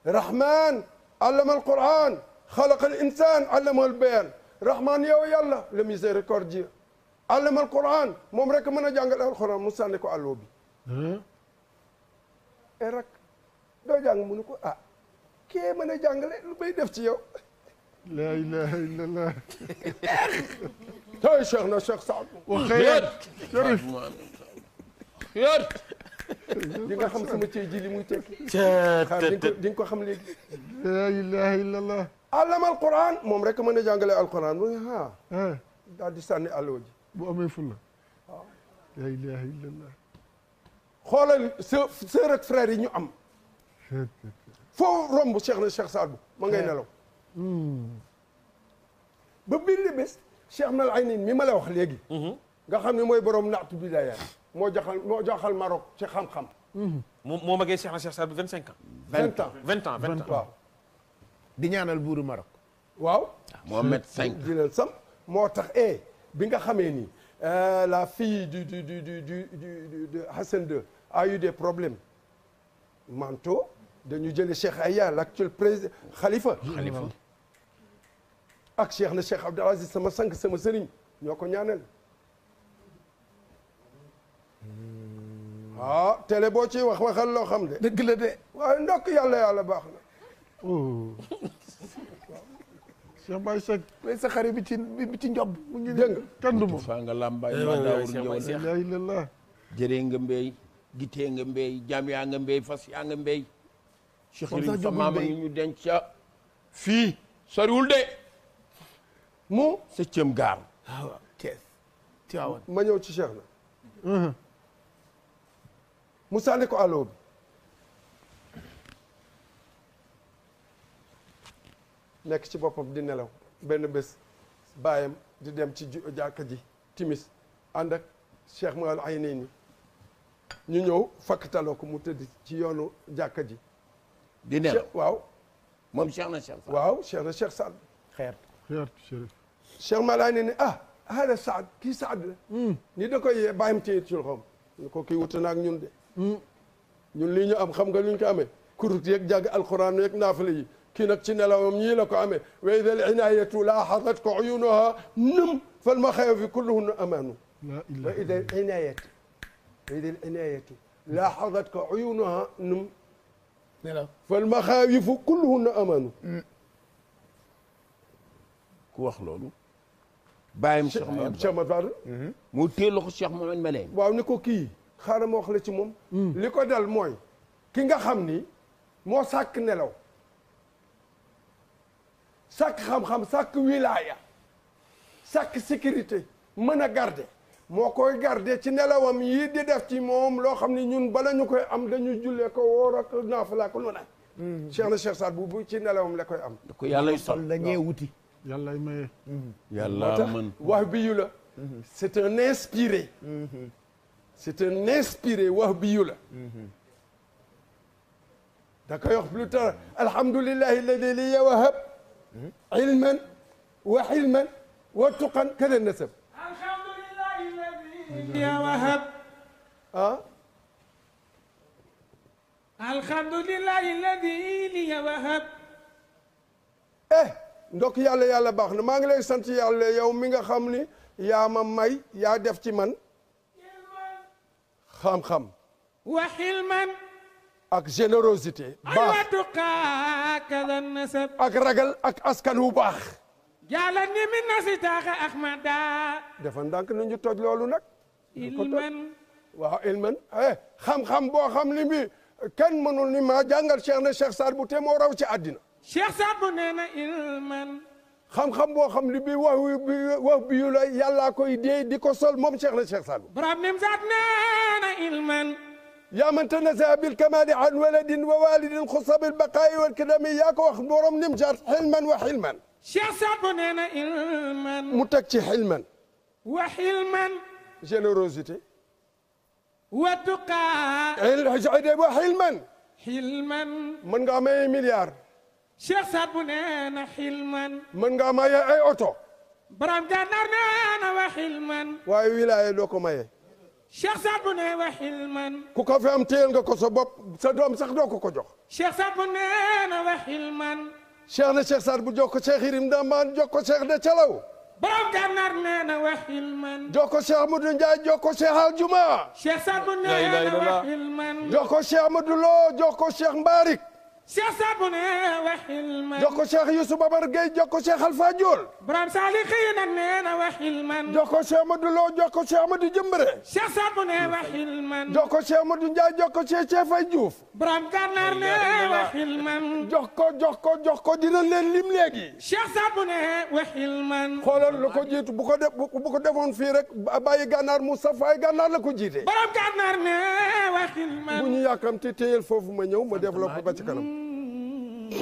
Rahman le Quran. خلق الانسان علمه البير رحمن يا ويلا لميزير علم القران ممرك من جانغ القران مسانكو الوبي ارك إيه؟ إيه دو جانغ منكو اه كي من جانغ لبي ديف سي يو لا اله الا الله تاي شيخنا شيخ سعد وخير خير خير خمس متي جي لي متي دينكو خم لي لا اله الا الله علم القران موم ريك مانا جانغالي القران مو ها اه دي ساني الوجي بو امي فلا لا اله الا الله خولال سيرك فراري ني ام فو رومب شيخنا شيخ سعد ما ngay إيه. نلو امم با بيلي بس شيخنا العينين مي مالا وخ ليغي اها nga xamni moy borom naat bi la yaa mo joxal mo joxal maroc ci xam xam mo ma gay cheikh cheikh sa 25 ans 20 ans 20 ans 20 di ñaanal buuru Maroc. waaw. Mohamed 5 di leen sam motax tax eh bi nga xamé ni euh, la fille du du du du du du de Hassan 2 a eu des problèmes manto de ñu jël Cheikh Aya l'actuel président Khalifa. Khalifa ak Cheikh na Cheikh Abdou sama sank sama serigne ñoko ko ñaanal. Hmm. ah télé bo ci wax waxal lo xam de. deug la de waaye ndok yalla yalla baax Cheikh Baye Seck. mais sa mu ngi dégg kenn du nga làmbaay eh, maa eh, nga mbéy gitee nga mbéy jam yaa nga mbéy fas ñu denc fii soriwul de. mu septième gare. Ah, waaw ma ñëw ci Cheikh na. Moussa ne ko allo nekk ci boppam di nelaw benn bés baayam di dem ci jàkka ji timis ànd ak cheikh mal ay nii ni ñu ñëw fakkataloo ko mu tëdd ci yoonu jàkka ji di nelaw waaw moom cheikh na cheikh waaw cheikh na cheikh saad xeer xeer cheikh mal ay nii ni ah hada saad kii saad la hmm. ni da koy yee bàyyam téye ci loxoom ñu ko kii wuta naag ñun de hmm. ñun lii ñu am xam nga lu ñu ko amee kurut yeeg jàng alquran yeeg naafale yi كنكتنا لهم يلك عمل وإذا العناية لاحظتك عيونها نم فالمخايف كلهن أمان وإذا العناية وإذا العناية لاحظتك عيونها نم نعم. فالمخايف كلهن أمان كو خلولو بايم شيخ محمد شيخ محمد مو تيلو شيخ محمد ملاي واو نيكو كي خارم وخلتي موم ليكو دال موي كيغا خامني مو ساك نلاو sàkk xam-xam sàkk wilaya sàkk sécurité mën garder mo koy garder ci nelawam yi di def ci mom lo xamni ñun bala ñu koy am dañu julle ko wor ak nafla ko luna Cheikh na Cheikh Saad bu bu ci nelawam la koy am ko yalla yàllay sol la ñee wuti yàllay maye yàlla man wax bi yu la c'est un inspiré c'est un inspiré wax bi yu la da koy wax plus tard alhamdulillahi alladi li wahab علما وحلما وتقا كذا النسب الحمد لله الذي وهب اه الحمد لله الذي لي وهب اه دوك يالا يالا باخنا ما نغلي سانت يالا يوم ميغا خامني يا ما ماي يا ديف تي مان خام خام وحلما ak générosité baax ak ragal ak askan wu baax jàlla ni mi nasi taaxa ahmada dafa ndànk na ñu toj loolu nag ilman waaw ilman eh, xam-xam boo xam ni bi kenn mënul ni maa jàngal cheikh na cheikh Saad bu te moo raw ci àddina cheikh Saad bu nee na ilman xam-xam boo xam ni bi wax bi wax bi yu koy dee di ko sol moom cheikh na cheikh Saad bu borom nim saat nee ilman يا من تنزه بالكمال عن ولد ووالد خص بالبقاء والكلام ياك وخمر نمجر حلما وحلما شيخ سابونينا علما متكتي حلما وحلما جينيروزيتي وتقى وحلما حلما من قام مليار شيخ سابونينا حلما من قام اي اوتو برام جنرنا وحلما واي ولايه لوكو مايه Cheikh Saad Bou ne wa xilman ku ko fi am nga ko sa bopp sa doom sax doo ko jox Cheikh Saad Bou nee na wa xilman Cheikh na Cheikh Saad Bou jox ko Cheikh Irim Ndamane jox ko Cheikh de Calaw borom gànnaar nee na wa xilman jox ko Cheikh Amadou Ndiaye cheikh Sadbou ne waxil man. jox ko cheikh Youssou Babar Gueye jox ko cheikh Alpha Diol. borom saalixiin nag nee na waxil man. jox ko cheikh Amadou Lo jox ko cheikh Amadou Jëmbëre. cheikh Sadbou ne waxil man. jox ko cheikh Amadou Ndiaye jox ko cheikh Cheikh Faye Diouf. borom gànnaar ne waxil man. jox ko jox ko jox ko dina leen lim léegi. cheikh Sadbou ne waxil man. xoolal lu ko jiitu bu ko def bu ko defoon fii rek bàyyi gànnaar Moustapha ay gànnaar la ko jiite. borom gànnaar ne waxil man. bu ñu yàkkamti téyel foofu ma ñëw ma développé ba ci kanam. day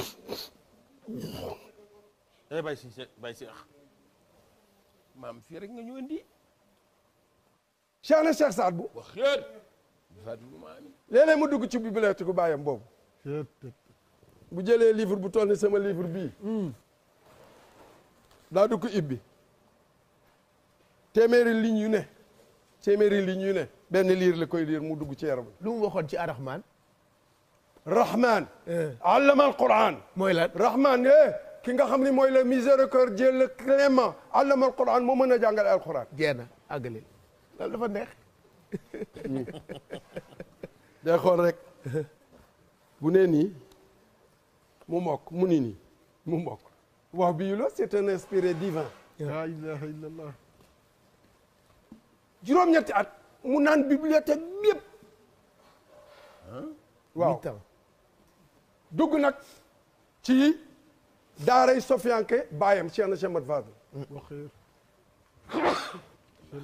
eh, bay si bay si maam fii rek nga ñu andi. Cheikh na Cheikh Saad bu. wax mu dugg ci bibliothèque bu baayam boobu. bu jëlee livre bu toll ni sama livre bii. Hmm. daa du ko ibbi. téeméeri li ñu ne. téeméeri ligne yu ne. benn liir la koy liir mu dugg ci yaram. lu mu waxoon ci Arahman. رحمن إيه؟ علم القران مويلا رحمن ايه كي نغا خمني مويلا ميزير ديال الكلمة علم القران مو من جانغ القران جانا اقلي لا لا فنيخ [laughs] ده رك بنيني مو موك منيني مو موك وابيلو سي تان انسبيري ديفان لا اله الا الله جيروم نياتي ات مو نان بيبليوتيك بيب ها واو dugg nak ci daaray Sofianke bayam Cheikh na Cheikh Mat Fadal [coughs]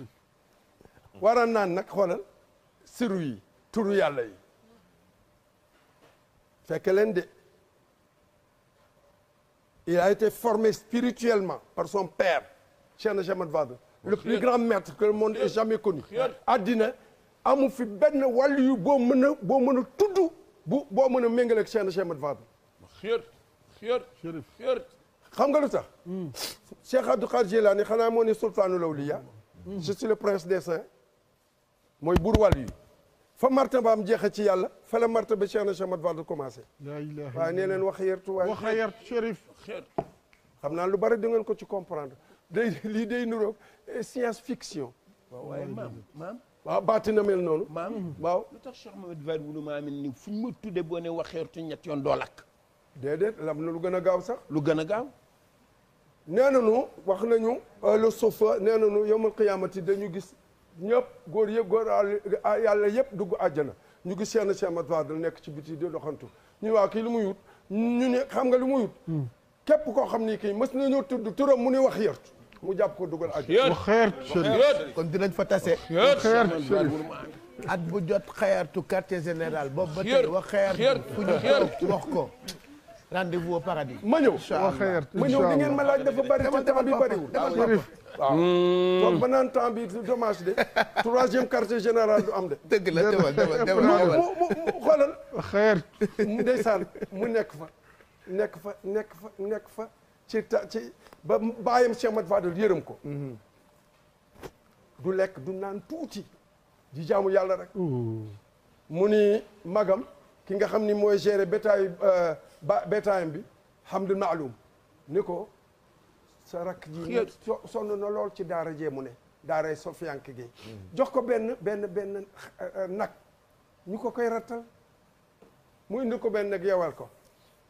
wara naan nag Sirui, siru yi turu yalla yi fekk de il a été formé spirituellement par son père Cheikh na Cheikh le plus grand maître que le monde ait jamais connu adina amu fi ben wàllu bo meuna bo meuna boo bu boo mën a méngaleeg Cheikh Cheikh Ahmed Fadel. xër xër xër xër. xam nga lu tax. Cheikh Abdou Khadre Jilani xanaa moo ne sultaanul awliya. je suis le prince des saints. mooy buur wàll yi. fa martaba am jeexe ci yàlla fa la martaba Cheikh na Cheikh Ahmed Fadel commencé. la ilaha waaye nee leen wax yertu waaye. wax yertu Chérif xër. xam naa lu bari di ngeen ko ci comprendre day lii day niroog science fiction. waaw waaye maam maam. waaw baatina mel noonu. maam waaw lu tax Cheikh Mohamed Vade wulu maa mel ni fu ñu ma tuddee boo ne waxeertu ñett yoon doo lakk. déedéet lu gën a gaaw sax. lu gën a gaaw. nee nu wax nañu euh, le sufa nee nañu yowmal qiyaamati dañu gis ñëpp góor yëpp góor yàlla yëpp dugg àjjana ñu gis seen Cheikh Mohamed Vade nekk ci biti de doxantu ñu waa kii lu muy wut ñu ne xam nga lu muy wut. Hmm. képp koo xam ni kii mës nañoo tudd turam mu ni wax yertu mu jàpp ko dugal ak mu xeertu kon dinañ fa tase at bu jot xeertu quartier général boobu ba tey wax xeertu fu ñu toog wax ko rendez-vous au paradis ma ñëw wax xeertu ma ñëw li ngeen ma laaj dafa bari te temps bi bariwul waaw toog ba naan temps bi dommage de troisième quartier général du am de dëgg la demal demal mu mu xoolal xeertu ndeysaan mu nekk fa nekk fa nekk fa nekk fa ci ta ci ba baayam Cheikh Mat Fadal yërëm ko du lekk du naan tuuti di jaamu yàlla rek mu ni magam ki nga xam ni mooy gérer bétail euh, ba bi xam Hamdu Maalum ni ko sa rakk ji sonn na lool ci daara jee mu ne daara daaray Sofianke gi jox ko benn benn benn euh, nag ñu ko koy rattal mu indi ko benn nag yewal ko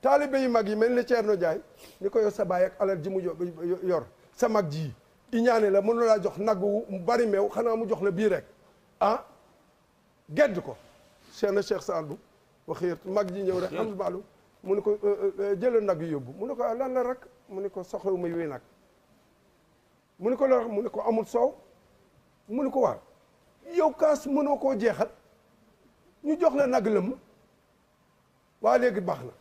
taalibe yu mag yi mel ni Thierno Ndiaye ni ko yow sa baay ak alal ji mu yor sa mag ji i ñaane la mënu laa jox nag mu bari meew xanaa mu jox la bii rek ah gedd ko Cheikh na Cheikh Saadu waxiir mag ji ñëw rek am baalu mu ne ko euh, euh, euh, jëlal nag yu yóbbu mu ne ko ah, lan la rek mu ne ko soxlawu ma yooyu nag mu ne ko la mu ne ko amul soow mu ne ko waaw yow kaas mënoo koo jeexal ñu jox la nag lëmm waa léegi baax na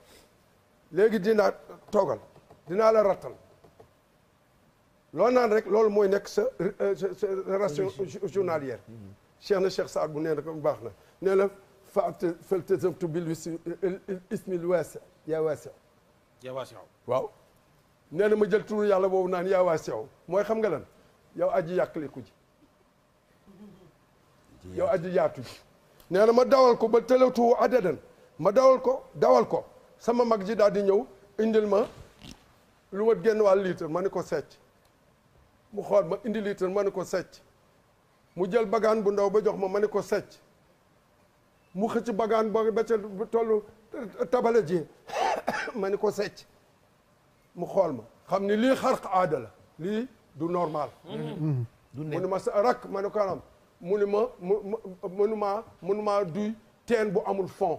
léegi dina toogal dinaa la rattal loo naan rek loolu mooy nekk sa sa relation journalière cheikh na cheikh saad bu nee na ko baax na nee la fat faltasabtu bil ismil waasi yaa waasi yaa waasi waaw nee na ma jël turu yàlla boobu naan yaa waasi mooy xam nga lan yow aji yàqaliku ji yow aji yaatu ji nee na ma dawal ko ba tëlatuwu adadan ma dawal ko dawal ko sama mag ji daal di ñëw indil ma lu wat genn wàll litre ma ni ko secc mu xool ma indi litre ma ni ko secc mu jël bagaan bu ndaw ba jox ma ma ni ko secc mu xëcc bagaan ba ba ca tollu tabale ji [coughs] mani ko secc mu xool ma xam ni lii xarq aadala lii du normal mu mm-hmm. mm-hmm. ni ma sa rak ma ni ko mu ni ma mu munu maa duy teen bu amul fond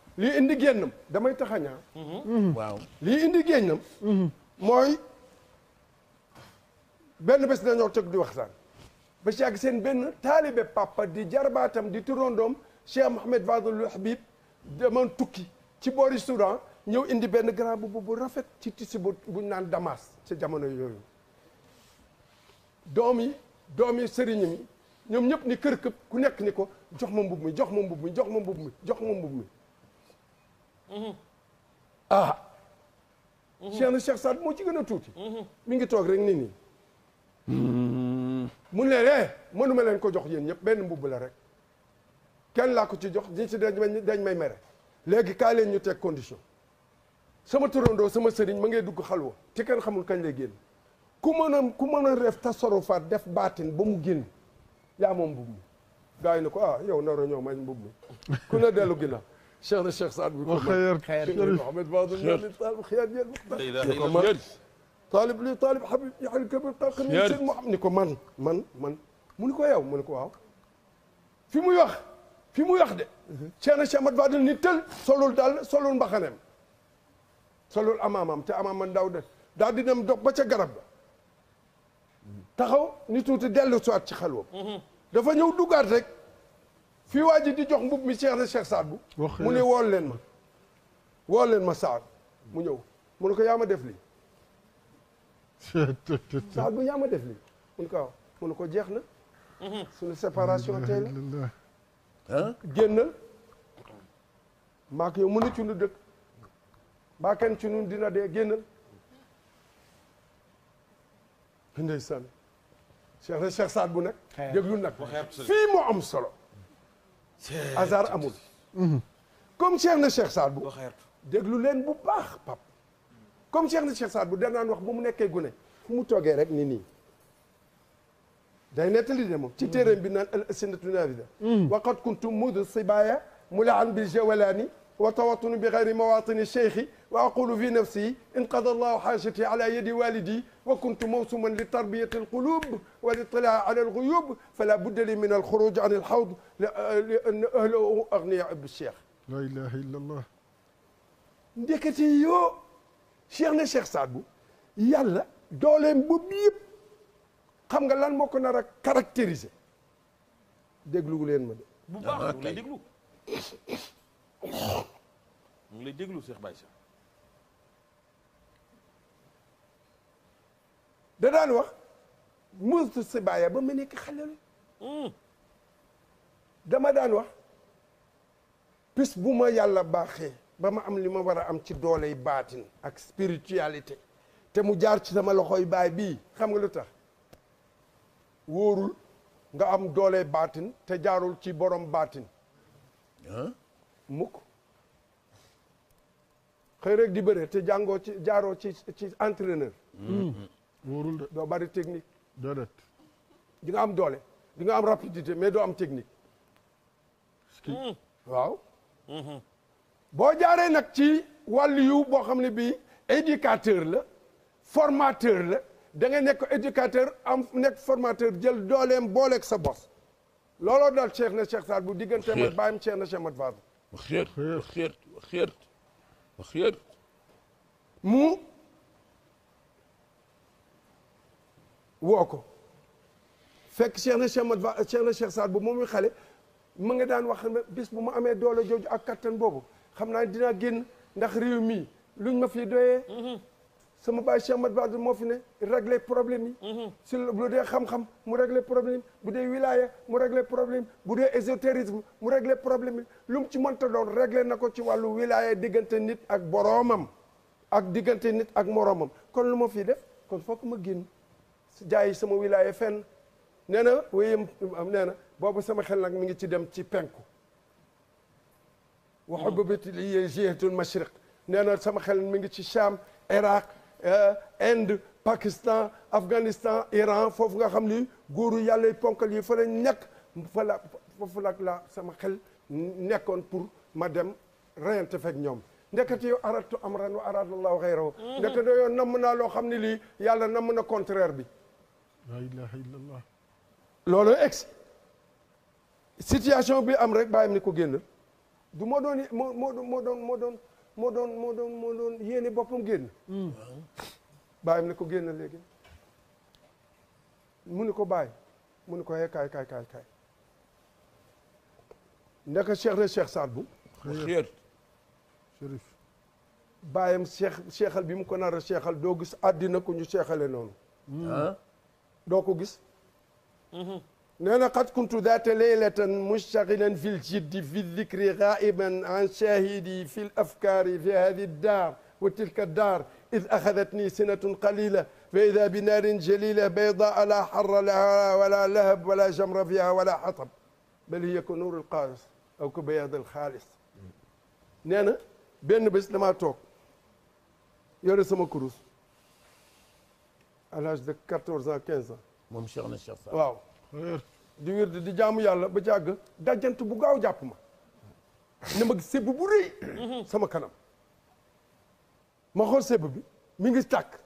lii indi génnam damay taxañaa mhm. waaw lii indi génnam mhm. mooy benn bés dañoo toog di waxtaan ba ci ak seen benn taalibe papa di jarbaatam di turandoom Cheikh Mohamed Fadlul Habib demoon tukki ci boori Soudan ñëw indi benn grand boubou bu rafet ci tissu bu buñ naan Damas ci jamono yooyu doom yi doom yi sëriñ mi ñoom ñëpp ni kër këpp ku nekk ni ko jox ma mbub mi jox ma mbubb mi jox ma mbub mi jox ma mbub mi ah. Cheikh na Cheikh Saad moo ci gën a tuuti. mi ngi toog rek nit ñi. Hmm. mu ne lee eh, mënuma leen ko jox yéen ñëpp benn mbubb la rek. kenn laa ko ci jox ñi ci dañ may mere. léegi kaa ñu teg condition. sama turandoo sama sëriñ ma ngay dugg xalwa ci kenn xamul kañ lay génn. ku mën a ku mën a def tasarufaat def baatin ba mu génn. yaa moom mbubb mi. gars yi ne ko ah yow nar a ñëw may mbubb mi. ku ne dellu ginnaaw. شغل الشيخ سعد بن خير خير محمد باظم اللي طالب خيار ديال المختار طالب لي طالب حبيب يحيى الكبير طالب خلينا ديال محمد نيكو من من من منكو ياو منكو واو في مو يخ في مو يخ دي شيخنا الشيخ محمد باظم نتل صلوا دال صلوا مبخنم صلوا امامام تي امام من داود daal di dem باتا ba تاخو نيتو تدلو سوات ni tuuti dellu siwaat ci xalwam fii waa ji di jox mbub mi Cheikh na Cheikh Saad bu mu ne wool leen ma wool leen ma Saad mu ñëw mu ne ko yaa ma def li [laughs] Saad bu yaa ma def lii mu ne ko waaw ko jeex na suñu séparation tey la génnal maak yow mën a cundu dëkk mbaa kenn ci dina dee génnal ndeysaan Cheikh de Cheikh Saad bu nag déglul nag fii moo am solo hasard amul comme cheikh na cheikh saad bu déglu leen bu baax pap comme cheikh na cheikh saad bu danaan wax bu mu nekkee gune fu mu toogee rek ni nii day nettali de moom ci téeréem bi naan al asinatu navida waqad kuntum mud sibaaya mulaan bi jawalaani wa tawatunu bi gayri mawatini cheikhi وأقول في نفسي إن قضى الله حاجتي على يد والدي وكنت موسما لتربية القلوب والاطلاع على الغيوب فلا بد لي من الخروج عن الحوض لأن أهله أغنياء بالشيخ لا إله إلا الله ديكتي يو شيخنا شيخ سعد يلا دولين بوبيب خم غلان موكو نارا كاركتيريزي ديغلو لين مدي بو باخ ديغلو ديغلو شيخ بايشه da daan wax mustu si baaya ba mu nekk xale la hmm. dama daan wax bis bu ma yàlla baaxee ba ma am li ma war a am ci dooley baatin ak spiritualité te mu jaar ci sama loxoy baay bii xam nga lu tax wóorul nga am dooley baatin te jaarul ci borom baatin mukk xëy rek di bëre te jàngoo ci jaaroo ci ci entraîneur hmm. wóorul de doo bari technique. déedéet. di nga am doole di nga am rapidité mais doo am technique. Hmm. waaw. Hmm. boo jaaree nag ci wàll yu boo xam ne bi éducateur la formateur la da nga nekk éducateur am nekk formateur jël boo booleeg sa bos. looloo dal Cheikh na Cheikh Saad bu diggante ma bàyyam Cheikh na Cheikh Mat Faas. xeer mu. woko fek Cheikh na Cheikh Mat Cheikh na Cheikh Saad bu momi xale ma nga daan wax bis bu ma amé doole joju ak kattan bobu xamna dina génn ndax rew mi luñ ma fi doye sama baye Cheikh Mat Badou mo fi ne régler problème yi ci bu dé xam-xam mu régler problème bu dé wilaya mu régler problème bu dé ésotérisme mu régler problème yi lu mu ci monta doon régler nako ci walu wilaya digënté nit ak boromam ak digënté nit ak moromam kon lu ma fii def kon fokk ma génn jaay sama wilaya fen nee na wéyam nee na boobu sama xel nag mi ngi ci dem ci penku waxu ba bit jihatul mashriq nee na sama xel mi ngi ci Cham Irak eh, Inde Pakistan Afghanistan Iran foofu nga xam ni góoru yàlla yi ponkal yi fa la nekk fa la la sama xel nekkoon pour ma dem reyante fekk ñoom ndekete yow aratu amran wa aradallahu xayrahu mm-hmm. ndekete yow namm naa loo xam ne lii yàlla namm na contraire bi la ilaha illallah loolu ex situation bi am rek bàyyam ni ko génn du moo doon moo doon moo doon boppam génn hmm. bàyyam ni ko génn léegi mu ni ko bàyyi mu ni ko hee kaay kaay kaay kaay ndeka cheikh na cheikh Saad Bou xër chérif bàyyam bi mu ko nar a cheikhal doo gis àddina ku ñu cheikhale noonu hmm. ah. doo ko gis nee na xat kuntu daata leylatan mustaxilan fi ljiddi fi dicri xaiban an shahidi fi lafkaari fi hadi daar wa tilka daar id axadatni sinatun qalila fa ida bi naarin jalila baydaa la xarra laha wala lahab wala jamra fiha wala xatab bal hiya ka nuur alxaalis aw ka bayaad alxaalis nee na benn bés damaa toog yore sama kurus à l'âge de quatorze ans quinze ans. moom Cheikh na Cheikh Sarr waaw. di wér di jaamu yàlla ba jàgg dajant bu gaaw jàpp ma. ne ma sëb bu rëy. Mhm. sama kanam. ma xool sëb bi mi ngi tàkk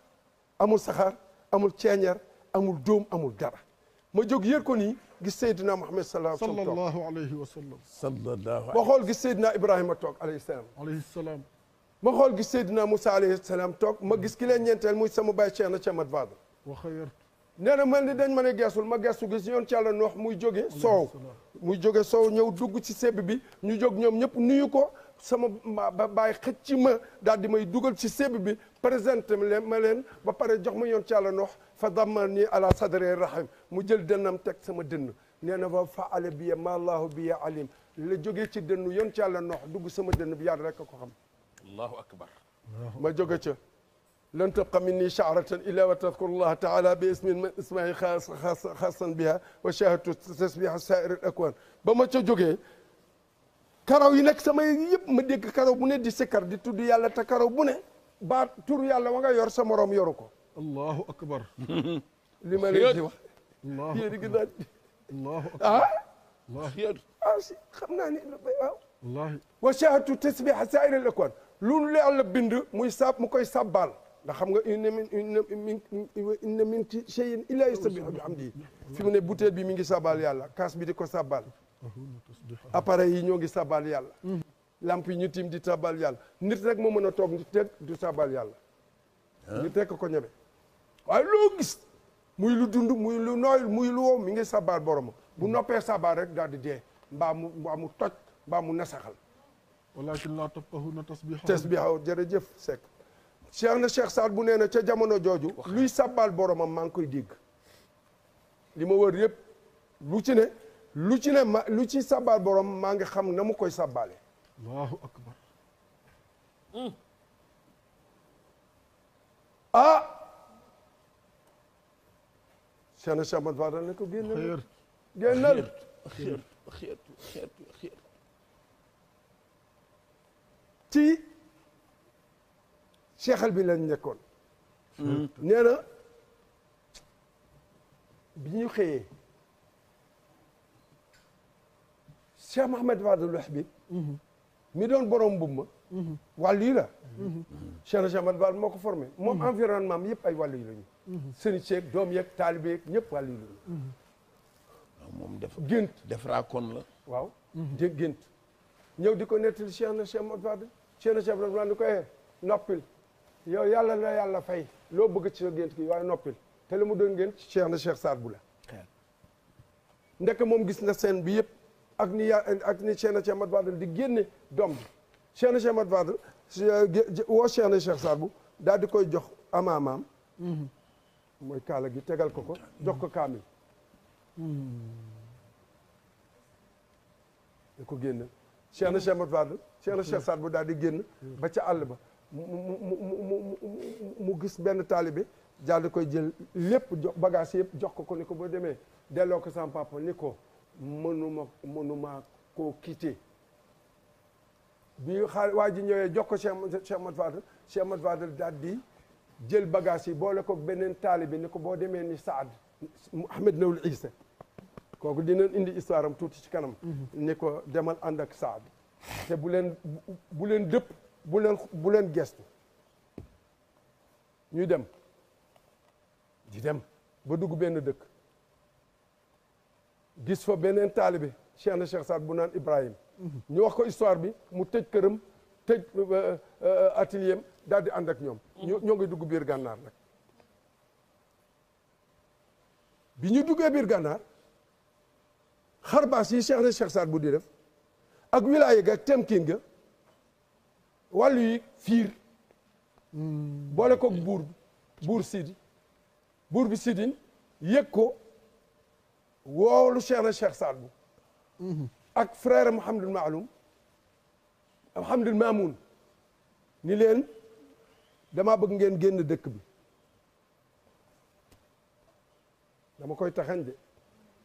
amul saxaar amul ceeñeer amul dóom amul dara ma jóg yër ko nii gis Seydina Muhammad sallallahu alayhi wa sallam. sallallahu alayhi wa sallam. ma xool gis Seydina Ibrahima toog alayhi salaam. alayhi salaam. ما خول جس سيدنا موسى عليه السلام توك ما جس كلا نينتال موسى مباي شيء أنا شمت فاد وخير نرى ما ندين ما نجاسول ما جاسو جس يون شالا نوح ميجوجي سو ميجوجي سو نيو دوغو تي سببي نيجوج نيو نيو نيوكو سما ما باي خدتي دادي ما يدوغو تي بريزنت ملين ملين بحر جح ميون شالا نوح فضمني على صدر الرحم مجل دنم تك سما دن نرى ما فعل بيا ما الله بيا عليم لجوجي تي يون شالا نوح دوغو سما دن بيار ركوا الله أكبر ما جوجتش لن تبقى مني شعرة إلا وتذكر الله تعالى باسم من اسمه خاص خاص خاصا بها وشاهدت تسبيح سائر الأكوان بما تجوجي كارو ينك سما يب مديك كارو بني دي سكر دي تو دي يالا تكارو بني با تور يالا وغا يور سما روم يوركو الله أكبر لما ليدي الله أكبر الله أكبر الله أكبر خمناني الله وشاهدت تسبيح سائر الأكوان lu Yàlla bind muy sab mu koy sàbbaal ndax xam nga inna min inna min shay'in illaa yusabbihu bihamdihi fi mu ne butéel bi mi ngi sàbbaal yàlla kaas bi di ko sàbbaal appareil yi ñoo ngi sàbbaal yàlla lamp yi ñu tiim di sàbbaal yàlla nit rek moo mën a toog nit rek du sàbbaal yàlla nit rek ko ñeme waaye loo gis muy lu dund muy lu nooy muy lu wow mi ngi sàbbaal borom bu noppee sàbbaal rek daal di dee mbaa mu mbaa mu toj walakin laa tafqahuna tasbihahu tasbihahu jërëjëf Seck na cheikh Saad bu nee na ca jamono jooju luy sàbbaal boromam maa ngi koy dégg li ma wër yëpp lu ci ne lu ci lu ci sàbbaal borom maa ngi xam na mu koy sàbbaale allahu akbar hmm. ah cheikh na cheikh Ahmad Fadal ne ko génnal génnal تي شيخ البلاد نيكون نانا بنيو خي شيخ محمد بعد الحبيب مي دون بروم بوم والي لا شيخ محمد بعد مكو فورمي موم انفيرونمان ييب اي والي لا سيني شيخ دوم ياك طالب ياك ييب والي لا موم دف جنت دف راكون لا واو دي جنت نيو ديكو نيتل شيخ محمد بعد Cheikh na Cheikh Ibrahima ko eh noppil yow yàlla na yàlla fay loo bëgg ci sa gént gi waaye noppil te li mu doon gént Cheikh na Cheikh Saad bu la moom gis na seen bi yëpp ak ni ya ak ni Cheikh na Cheikh Mat bu daal di koy jox amaamaam mm-hmm. mooy kaala gi tegal ko ko jox ko kaamil mm-hmm. da ko génn Cheikh na Cheikh Mat Wade Cheikh na mm-hmm. Cheikh Saad bu daal di génn mm-hmm. ba ca àll ba mu mu mu mu gis benn taalibe daal di koy jël lépp jox bagage yëpp jox ko ko ni ko boo demee delloo ko sama papa ni ko mënuma mënuma koo quitté bi xaar waa ji ñëwee jox ko Cheikh Cheikh Mat Wade Cheikh Mat Wade daal di jël bagage yi boole ko beneen taalibe ni ko boo demee ni Saad Ahmed Nawul Issa kooku dinañ indi histoire am tuuti ci kanam. Mhm. ni ko demal ànd ak Saad. te bu leen bu leen dëpp bu leen bu leen gestu ñuy dem di dem ba dugg benn dëkk gis fa beneen taalibe Cheikh Cheikh Saad bu naan Ibrahim mhm. ñu wax ko histoire bi mu tëj këram tëj euh, euh, atelier am daal di ànd ak ñoom. Mhm. ñoo ngi dugg biir gànnaar nag bi ñu duggee biir خرباسي شيخ الشيخ سعد بوديرف اك ولايه اك تمكينغا والي فير بولاكو بور بور سيدي بور بي سيدين ييكو وولو شيخ الشيخ سعد بو اك فرير محمد المعلوم محمد المامون نيلين دما بغ نين ген دك بي دما كوي تخاندي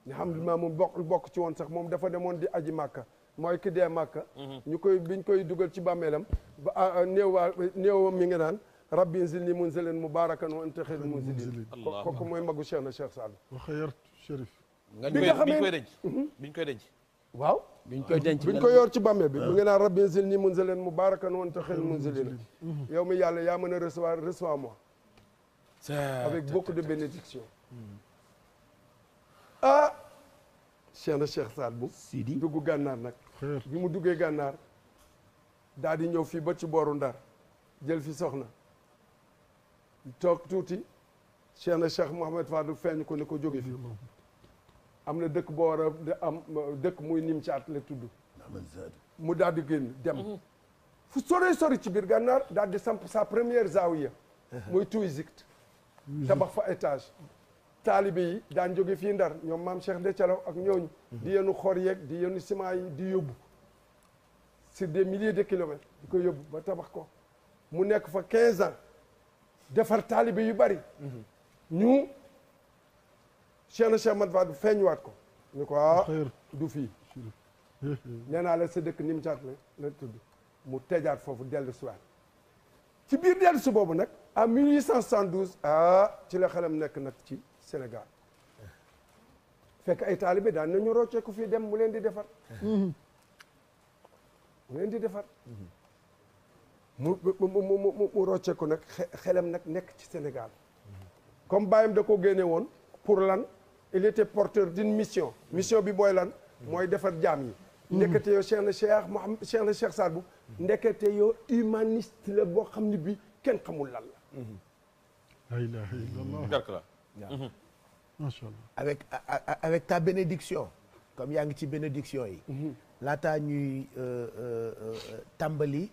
ñu xam ma moom bokk bokk ci woon sax moom dafa demoon di aji màkka mooy ki dee màkka ñu koy biñ koy dugal ci bàmmeelam ba néew waa néewam mi nga naan rabbi zilni munzalan mubarakan wa anta xayrul munzilin kooku mooy magu cheikh na cheikh Saad wa xayar chérif bi nga xamee biñ koy denc biñ koy denc waaw biñ koy denc biñ koy yor ci bàmmeel bi mi nga naan rabbi zilni munzalan mubarakan wa anta xayrul munzilin yow mi yàlla yaa mën a recevoir reçois moi avec beaucoup de bénédiction Cheikh na Cheikh Saad bu Sidi gànnaar nag bi mu duggee gànnaar daal di ñëw fii ba ci booru ndar jël fi soxna toog tuuti Cheikh na Cheikh Mouhamed Fadou ko ne ko jóge fi am na dëkk boo a dëkk muy nim ci at la tudd mu daal di génn dem mhm. fu sori sori ci biir gànnaar daal sa première zawiya [laughs] muy Tuisikt tabax fa étage taalibe yi daan jóge fii ndar ñoom maam Cheikh de Thialaw ak ñooñu mhm. di yenu xor yeeg di yenu ciment di yóbbu sur des milliers de kilomètres di ko yóbbu ba tabax ko mu nekk fa 15 ans defar taalibe yu bari mhm. ñu Cheikh na Cheikh Mat Wade feeñuwaat ko ñu ko ah du fii [laughs] nee naa la sa dëkk ni mu caat la tudd mu tejaat foofu dellu siwaat ci biir dellu su boobu nag en 1872 ah ci la xelam nekk nag ci Sénégal fekk ay taalibe daan nañu rocceeku fii dem mu leen di defar mu leen di defar mu mu rocceeku nak xelam nag nekk ci Sénégal comme baayam da ko génne woon pour lan il était porteur d'une mission mission bi booy lan mooy defar jaam yi ndekete yo Cheikh na Cheikh Mohamed Cheikh le Cheikh Sadbou ndekete yo humaniste le bo xamni bi kenn xamul lan la la ilaha illallah Mm-hmm. avec avec ta bénédiction comme il y une une bénédiction là mm-hmm. laataa ñuy euh, euh, euh, Tamboli